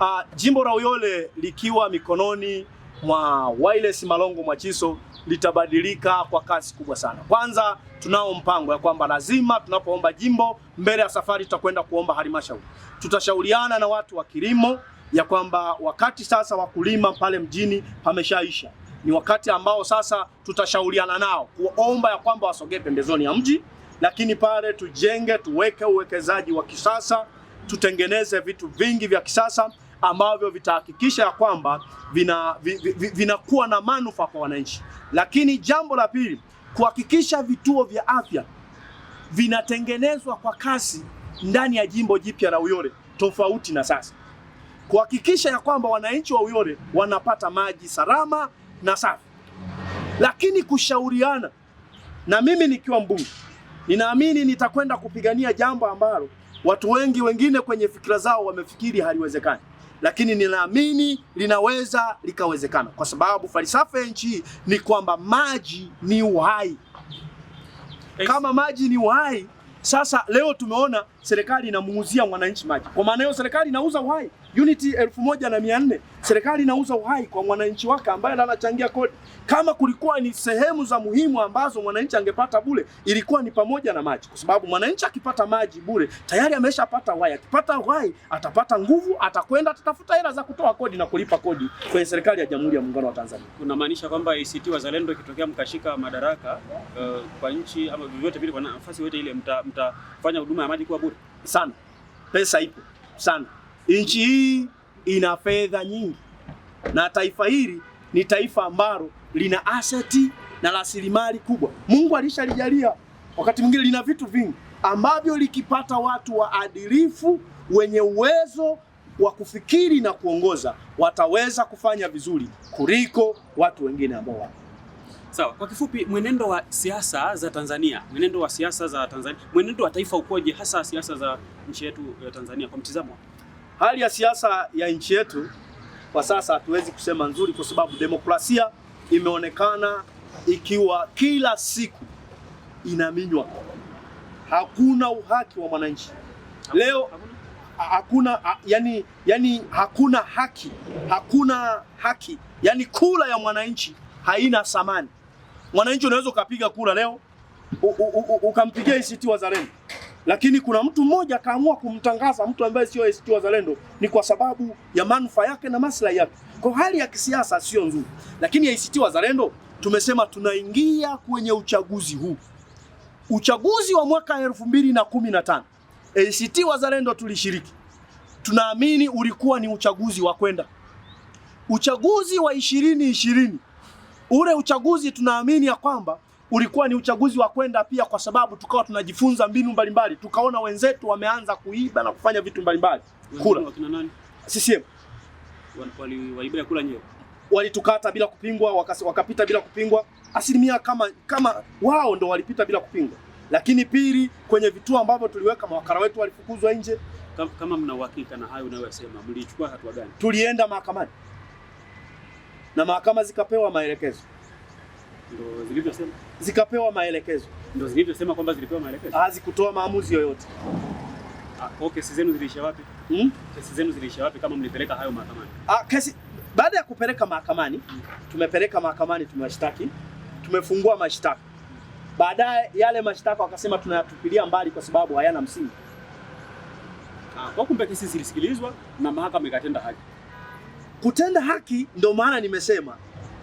Uh, jimbo la Uyole likiwa mikononi mwa Wireless Malongo Mwachiso litabadilika kwa kasi kubwa sana. Kwanza tunao mpango ya kwamba lazima tunapoomba jimbo mbele ya safari tutakwenda kuomba halmashauri. Tutashauriana na watu wa kilimo ya kwamba wakati sasa wa kulima pale mjini pameshaisha. Ni wakati ambao sasa tutashauriana nao kuomba ya kwamba wasogee pembezoni ya mji, lakini pale tujenge, tuweke uwekezaji wa kisasa, tutengeneze vitu vingi vya kisasa ambavyo vitahakikisha ya kwamba vinakuwa vina, vina na manufaa kwa wananchi. Lakini jambo la pili, kuhakikisha vituo vya afya vinatengenezwa kwa kasi ndani ya jimbo jipya la Uyole tofauti na sasa, kuhakikisha ya kwamba wananchi wa Uyole wanapata maji salama na safi, lakini kushauriana na mimi nikiwa mbunge ninaamini nitakwenda kupigania jambo ambalo watu wengi wengine kwenye fikira zao wamefikiri haliwezekani lakini ninaamini linaweza likawezekana, kwa sababu falsafa ya nchi hii ni kwamba maji ni uhai. Kama maji ni uhai, sasa leo tumeona serikali inamuuzia mwananchi maji, kwa maana hiyo serikali inauza uhai uniti elfu moja na mia nne serikali inauza uhai kwa mwananchi wake ambaye anachangia kodi. Kama kulikuwa ni sehemu za muhimu ambazo mwananchi angepata bure, ilikuwa ni pamoja na maji, kwa sababu mwananchi akipata maji bure tayari ameshapata uhai. Akipata uhai atapata nguvu, atakwenda atatafuta hela za kutoa kodi na kulipa kodi kwenye serikali ya Jamhuri ya Muungano wa Tanzania. Unamaanisha kwamba ACT Wazalendo ikitokea mkashika madaraka uh, kwa nchi ama vyovyote vile, kwa nafasi yote ile, mtafanya mta huduma ya maji kuwa bure sana, pesa ipo sana. Nchi hii ina fedha nyingi na taifa hili ni taifa ambalo lina aseti na rasilimali kubwa. Mungu alishalijalia, wakati mwingine lina vitu vingi ambavyo likipata watu waadilifu wenye uwezo wa kufikiri na kuongoza wataweza kufanya vizuri kuliko watu wengine ambao wapo. Sawa, kwa kifupi, mwenendo wa siasa za Tanzania, mwenendo wa siasa za Tanzania, mwenendo wa taifa ukoje, hasa siasa za nchi yetu ya Tanzania kwa mtizamo Hali ya siasa ya nchi yetu kwa sasa hatuwezi kusema nzuri, kwa sababu demokrasia imeonekana ikiwa kila siku inaminywa. Hakuna uhaki wa mwananchi leo, hakuna yani, yani hakuna haki, hakuna haki, yani kura ya mwananchi haina thamani. Mwananchi unaweza ukapiga kula leo ukampigia ACT Wazalendo lakini kuna mtu mmoja akaamua kumtangaza mtu ambaye sio ACT Wazalendo, ni kwa sababu ya manufaa yake na maslahi yake. Kwa hali ya kisiasa sio nzuri, lakini ACT Wazalendo tumesema tunaingia kwenye uchaguzi huu, uchaguzi wa mwaka elfu mbili na kumi na tano ACT Wazalendo tulishiriki, tunaamini ulikuwa ni uchaguzi wa kwenda. Uchaguzi wa ishirini ishirini ule uchaguzi tunaamini ya kwamba ulikuwa ni uchaguzi wa kwenda pia, kwa sababu tukawa tunajifunza mbinu mbalimbali, tukaona wenzetu wameanza kuiba na kufanya vitu mbalimbali. Kula CCM waliiba kula nyewe, walitukata bila kupingwa, wakapita bila kupingwa asilimia kama kama wao ndo walipita bila kupingwa. Lakini pili, kwenye vituo ambavyo tuliweka mawakala wetu walifukuzwa nje. Kama mna uhakika na hayo unayosema, mlichukua hatua gani? Tulienda mahakamani na mahakama zikapewa maelekezo ndo zilivyosema, zikapewa maelekezo, ndo zilivyosema kwamba zilipewa maelekezo, hazikutoa maamuzi yoyote. Ah, kesi zenu ziliisha wapi? Hmm? Kesi zenu ziliisha wapi kama mlipeleka hayo mahakamani? Ah, kesi baada ya kupeleka mahakamani, tumepeleka mahakamani, tumewashtaki, tumefungua mashtaka. Baadaye yale mashtaka wakasema tunayatupilia mbali kwa sababu hayana msingi. Ah, kwa kumbe kesi zilisikilizwa na mahakama ikatenda haki. Kutenda haki ndio maana nimesema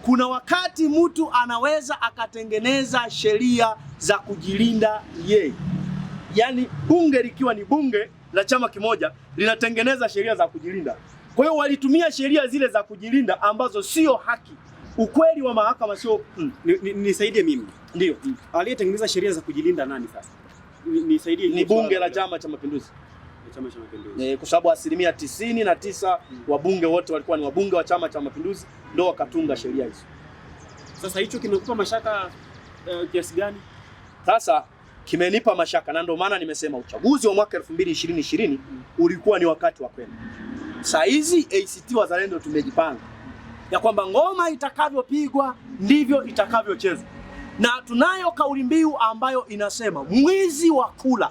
kuna wakati mtu anaweza akatengeneza sheria za kujilinda yeye, yaani bunge likiwa ni bunge la chama kimoja linatengeneza sheria za kujilinda. Kwa hiyo walitumia sheria zile za kujilinda ambazo sio haki. Ukweli wa mahakama sio mm. Nisaidie ni, ni mimi ndio mm. Aliyetengeneza sheria za kujilinda nani sasa? Nisaidie, ni bunge la Chama cha Mapinduzi. Chama cha Mapinduzi. kwa sababu asilimia tisini na tisa hmm. wabunge wote walikuwa ni wabunge wa Chama cha Mapinduzi ndio wakatunga sheria hizo. Sasa hicho kimekupa mashaka eh, kiasi gani? Sasa kimenipa mashaka na ndio maana nimesema uchaguzi wa mwaka 2020 hmm. ulikuwa ni wakati wa kwenda. Saa hizi ACT Wazalendo tumejipanga ya kwamba ngoma itakavyopigwa ndivyo itakavyochezwa, na tunayo kauli mbiu ambayo inasema mwizi wa kula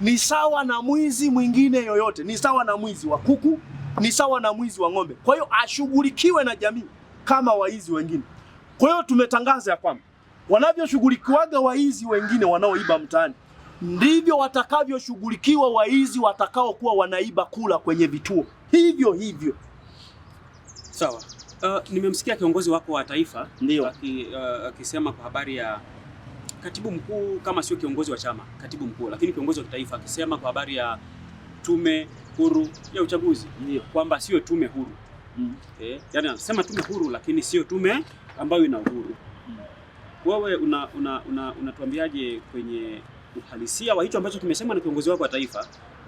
ni sawa na mwizi mwingine yoyote, ni sawa na mwizi wa kuku, ni sawa na mwizi wa ng'ombe. Kwa hiyo ashughulikiwe na jamii kama waizi wengine. Kwa hiyo tumetangaza ya kwamba wanavyoshughulikiwaga waizi wengine wanaoiba mtaani, ndivyo watakavyoshughulikiwa waizi watakaokuwa wanaiba kula kwenye vituo hivyo hivyo. Sawa. Uh, nimemsikia kiongozi wako wa taifa uh, akisema uh, kwa habari ya katibu mkuu kama sio kiongozi wa chama, katibu mkuu, lakini kiongozi wa kitaifa akisema kwa habari ya tume huru ya uchaguzi kwamba sio tume huru mm. eh, yani anasema tume huru lakini sio tume ambayo ina uhuru mm. Wewe unatuambiaje una, una, una kwenye uhalisia wa hicho ambacho kimesema na kiongozi wako wa taifa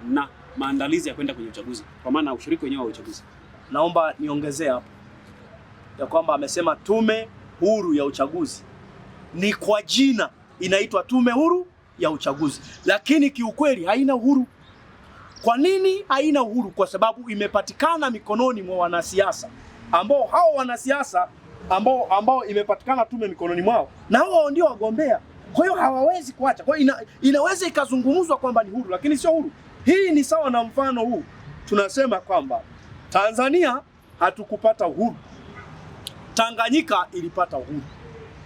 na maandalizi ya kwenda kwenye uchaguzi, kwa maana ushiriki wenyewe wa uchaguzi? Naomba niongezee hapo ya kwamba amesema tume huru ya uchaguzi ni kwa jina inaitwa Tume Huru ya Uchaguzi, lakini kiukweli haina uhuru. Kwa nini haina uhuru? Kwa sababu imepatikana mikononi mwa wanasiasa ambao hao wanasiasa ambao ambao imepatikana tume mikononi mwao, na hao ndio wagombea. Kwa hiyo hawawezi kuacha. Kwa hiyo ina, inaweza ikazungumzwa kwamba ni huru, lakini sio huru. Hii ni sawa na mfano huu, tunasema kwamba Tanzania hatukupata uhuru, Tanganyika ilipata uhuru.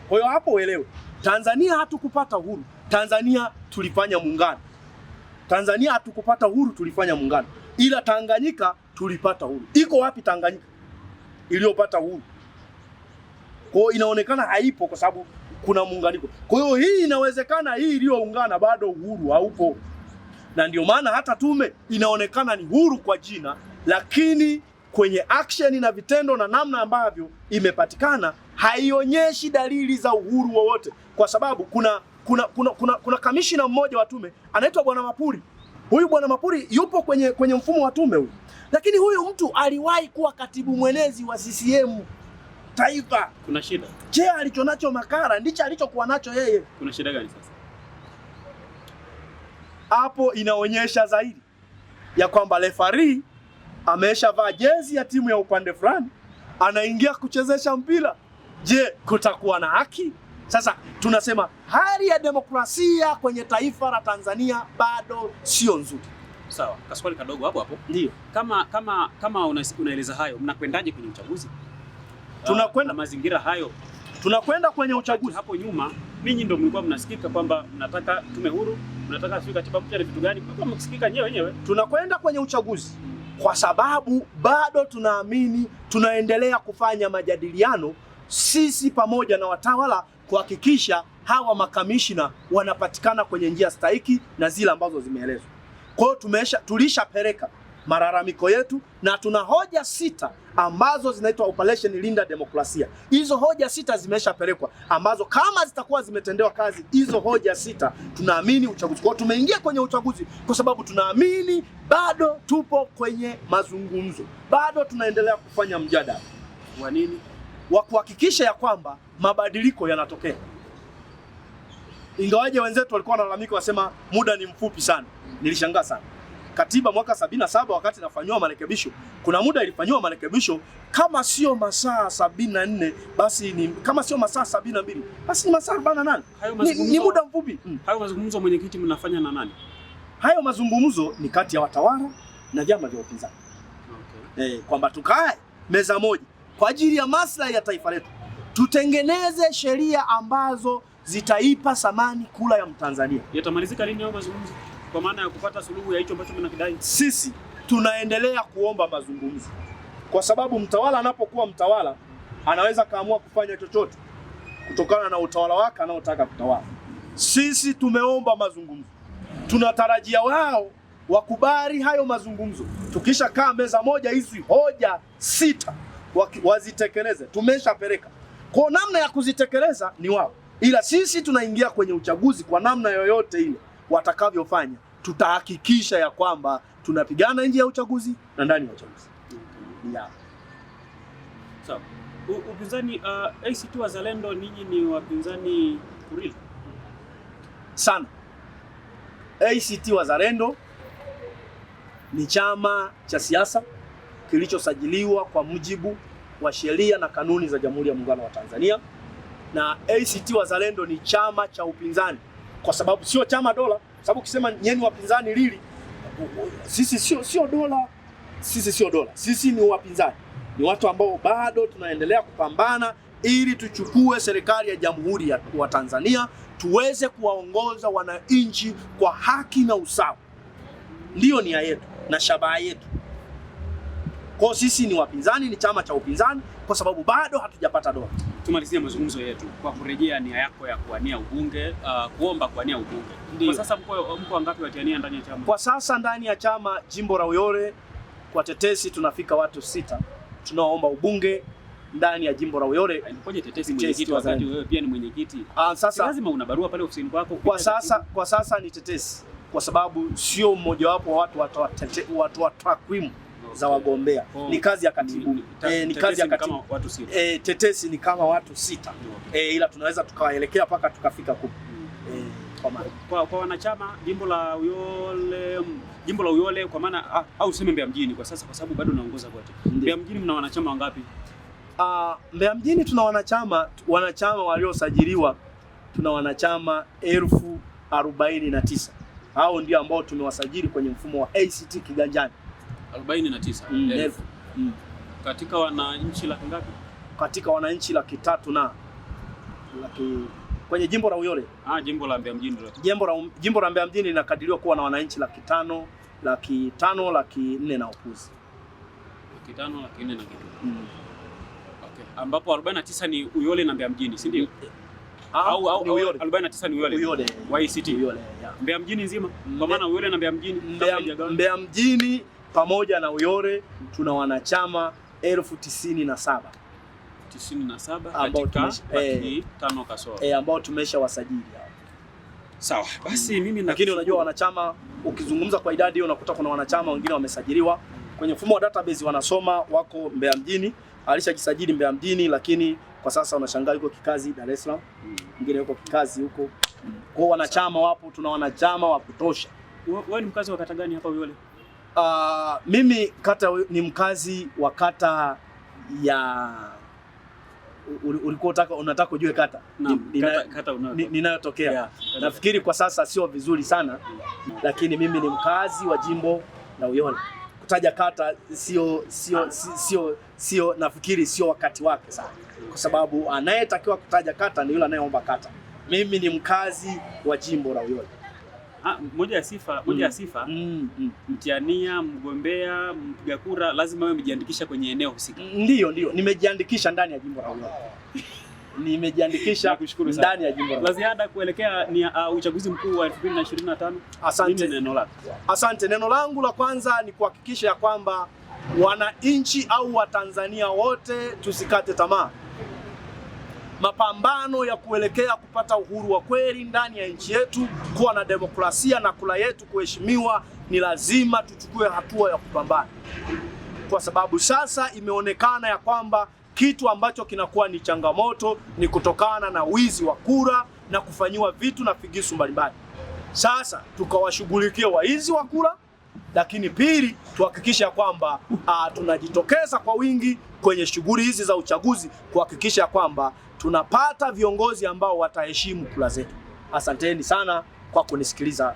Kwa hiyo hapo uelewe. Tanzania hatukupata uhuru. Tanzania tulifanya muungano. Tanzania hatukupata uhuru, tulifanya muungano, ila Tanganyika tulipata uhuru. Iko wapi Tanganyika iliyopata uhuru? Kwao inaonekana haipo, kwa sababu kuna muunganiko. Kwa hiyo hii inawezekana, hii iliyoungana bado uhuru haupo, na ndio maana hata tume inaonekana ni huru kwa jina, lakini kwenye action na vitendo na namna ambavyo imepatikana haionyeshi dalili za uhuru wowote, kwa sababu kuna kuna kuna kuna, kuna kamishina mmoja wa tume anaitwa Bwana Mapuri. Huyu Bwana Mapuri yupo kwenye kwenye mfumo wa tume huyu, lakini huyu mtu aliwahi kuwa katibu mwenezi wa CCM taifa. Kuna shida? Je, alichonacho Makara ndicho alichokuwa nacho yeye? Kuna shida gani sasa? Hapo inaonyesha zaidi ya kwamba refari ameshavaa jezi ya timu ya upande fulani, anaingia kuchezesha mpira. Je, kutakuwa na haki? Sasa tunasema hali ya demokrasia kwenye taifa la Tanzania bado sio nzuri. Sawa, kaswali kadogo hapo hapo. Ndio. Kama kama kama unaeleza hayo, mnakwendaje kwenye uchaguzi? Ah, tunakwenda mazingira hayo, tunakwenda kwenye uchaguzi. Hapo nyuma ninyi ndio mlikuwa mnasikika kwamba mnataka tume huru, mnataka sio katiba mpya, ni vitu gani mlikuwa mnasikika nyewe wenyewe. Tunakwenda kwenye uchaguzi kwa sababu bado tunaamini, tunaendelea kufanya majadiliano sisi pamoja na watawala kuhakikisha hawa makamishina wanapatikana kwenye njia stahiki na zile ambazo zimeelezwa. Kwa hiyo tumesha tulishapeleka malalamiko yetu, na tuna hoja sita ambazo zinaitwa Operation Linda Demokrasia. Hizo hoja sita zimeshapelekwa, ambazo kama zitakuwa zimetendewa kazi hizo hoja sita, tunaamini uchaguzi. Kwa tumeingia kwenye uchaguzi kwa sababu tunaamini bado tupo kwenye mazungumzo, bado tunaendelea kufanya mjadala wa nini, wa kuhakikisha ya kwamba mabadiliko yanatokea ingawaje wenzetu walikuwa wanalalamika, wasema muda ni mfupi sana. Nilishangaa sana katiba mwaka saba wakati inafanyiwa marekebisho, kuna muda ilifanyiwa marekebisho, kama sio masaa nne basi ni kama sio masaa mbili basi ni masaa 48. Ni, ni muda mfupi. Hmm. Hayo mazungumzo mwenyekiti, mnafanya na nani? Hayo mazungumzo ni kati ya watawala na vyama vya upinzani. Okay. Eh, kwamba tukae meza moja kwa ajili ya maslahi ya taifa letu, tutengeneze sheria ambazo zitaipa thamani kula ya Mtanzania. Yatamalizika lini hayo mazungumzo? kwa maana ya kupata suluhu ya hicho ambacho mnakidai? Sisi tunaendelea kuomba mazungumzo, kwa sababu mtawala anapokuwa mtawala anaweza kaamua kufanya chochote kutokana na utawala wake anaotaka kutawala. Sisi tumeomba mazungumzo, tunatarajia wao wakubali hayo mazungumzo. tukisha kaa meza moja, hizi hoja sita wazitekeleze. Tumeshapeleka kwa namna ya kuzitekeleza ni wao, ila sisi tunaingia kwenye uchaguzi kwa namna yoyote ile watakavyofanya, tutahakikisha ya kwamba tunapigana nje ya uchaguzi na ndani ya uchaguzi. Yeah. upinzani uh, ACT Wazalendo ninyi ni wapinzani real sana. ACT Wazalendo ni chama cha siasa kilichosajiliwa kwa mujibu wa sheria na kanuni za Jamhuri ya Muungano wa Tanzania, na ACT Wazalendo ni chama cha upinzani kwa sababu sio chama dola, sababu ukisema nyeni wapinzani lili, sisi sio sio dola, sisi sio dola, sisi ni wapinzani, ni watu ambao bado tunaendelea kupambana ili tuchukue serikali ya Jamhuri ya wa Tanzania tuweze kuwaongoza wananchi kwa haki na usawa. Ndiyo nia yetu na shabaha yetu. Kwa sisi ni wapinzani, ni chama cha upinzani kwa sababu bado hatujapata dola. Tumalizie mazungumzo yetu kwa kurejea nia yako ya kuania ubunge, uh, kuomba kuania ubunge. Ndiyo. Kwa sasa mko mko ngapi watiania ndani ya chama? Kwa sasa ndani ya chama jimbo la Uyole kwa tetesi tunafika watu sita tunaoomba ubunge ndani ya jimbo la Uyole. Ah, Ngoja tetesi mwenyekiti, wa wakati wewe pia ni mwenyekiti. Ah, sasa lazima una barua pale ofisini kwako. Kwa sasa kwa sasa ni tetesi kwa sababu sio mmojawapo wa watu wa takwimu za wagombea oh. Ni kazi ya katibu e, ni kazi ya katibu Kama watu sita. E, tetesi ni kama watu sita e, ila tunaweza tukawaelekea mpaka tukafika ku e, kwa kwa, kwa wanachama jimbo la Uyole jimbo la Uyole kwa maana ah, au useme Mbeya mjini kwa sasa, kwa sababu bado naongoza kote. Mbeya mjini mna wanachama wangapi? Uh, Mbeya mjini tuna wanachama wanachama waliosajiliwa tuna wanachama elfu arobaini na tisa. Hao ndio ambao tumewasajili kwenye mfumo wa ACT Kiganjani arobaini na tisa mm. elfu mm. katika wananchi laki ngapi? Katika wananchi laki tatu na laki kwenye jimbo la Uyole. Ah, jimbo la Mbeya mjini. Jimbo la jimbo la Mbeya mjini linakadiriwa kuwa na wananchi laki tano laki tano laki nne na ukuzi laki tano laki nne na kitu mm. Okay, ambapo 49 ni Uyole na Mbeya mjini, si ndio? Ah, au au 49 ni Uyole Uyole YCT Uyole yeah. Mbeya mjini nzima kwa maana Uyole na Mbeya mjini Mbeya mjini pamoja na Uyole tuna wanachama elfu tisini na saba tisini na saba ambao tumesha, eh, eh, tumesha wasajili sawa. Basi mm. mimi na lakini, unajua wanachama, ukizungumza kwa idadi hiyo unakuta kuna wanachama wengine wamesajiliwa kwenye mfumo wa database, wanasoma wako Mbeya mjini, alishajisajili Mbeya mjini, lakini kwa sasa unashangaa yuko kikazi Dar es Salaam, mm. mwingine yuko kikazi huko. Kwa wanachama wapo, tuna wanachama wa kutosha. Wewe ni mkazi wa kata gani hapa Uyole? Uh, mimi kata ni mkazi wa kata ya ulikuwa unataka unataka ujue kata ninayotokea. Yeah, nafikiri kwa sasa sio vizuri sana lakini mimi ni mkazi wa jimbo la Uyole. Kutaja kata sio sio sio sio, nafikiri sio wakati wake sana, kwa sababu anayetakiwa kutaja kata ni yule anayeomba kata. Mimi ni mkazi wa jimbo la Uyole. Ah, moja ya sifa, moja ya mm. sifa mm, mm. Mtiania, mgombea, mpiga kura lazima wewe amejiandikisha kwenye eneo husika. Ndio, ndio, nimejiandikisha ndani ya jimbo la Ulaya. Nimejiandikisha ndani ya jimbo la ziada kuelekea ni uh, uchaguzi mkuu wa 2025. Asante. Neno lako. Asante. Neno langu la kwanza ni kuhakikisha ya kwamba wananchi au Watanzania wote tusikate tamaa mapambano ya kuelekea kupata uhuru wa kweli ndani ya nchi yetu, kuwa na demokrasia na kura yetu kuheshimiwa, ni lazima tuchukue hatua ya kupambana, kwa sababu sasa imeonekana ya kwamba kitu ambacho kinakuwa ni changamoto ni kutokana na wizi wa kura na kufanyiwa vitu na figisu mbalimbali. Sasa tukawashughulikia waizi wa kura, lakini pili tuhakikisha kwamba ah, tunajitokeza kwa wingi kwenye shughuli hizi za uchaguzi kuhakikisha kwamba tunapata viongozi ambao wataheshimu kura zetu. Asanteni sana kwa kunisikiliza.